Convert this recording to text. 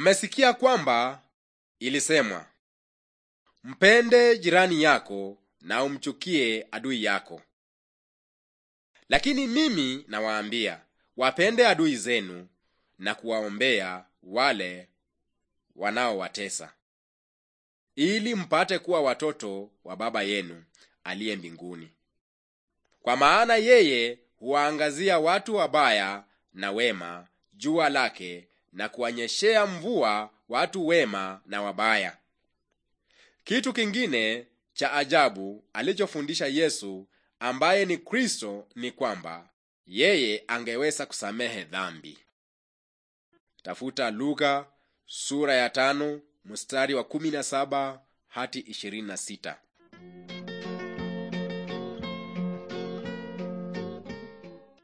Mmesikia kwamba ilisemwa, mpende jirani yako na umchukie adui yako. Lakini mimi nawaambia, wapende adui zenu na kuwaombea wale wanaowatesa, ili mpate kuwa watoto wa Baba yenu aliye mbinguni, kwa maana yeye huwaangazia watu wabaya na wema jua lake na kuwanyeshea mvua watu wema na wabaya. Kitu kingine cha ajabu alichofundisha Yesu ambaye ni Kristo ni kwamba yeye angeweza kusamehe dhambi. Tafuta Luka sura ya tano mstari wa kumi na saba hadi ishirini na sita.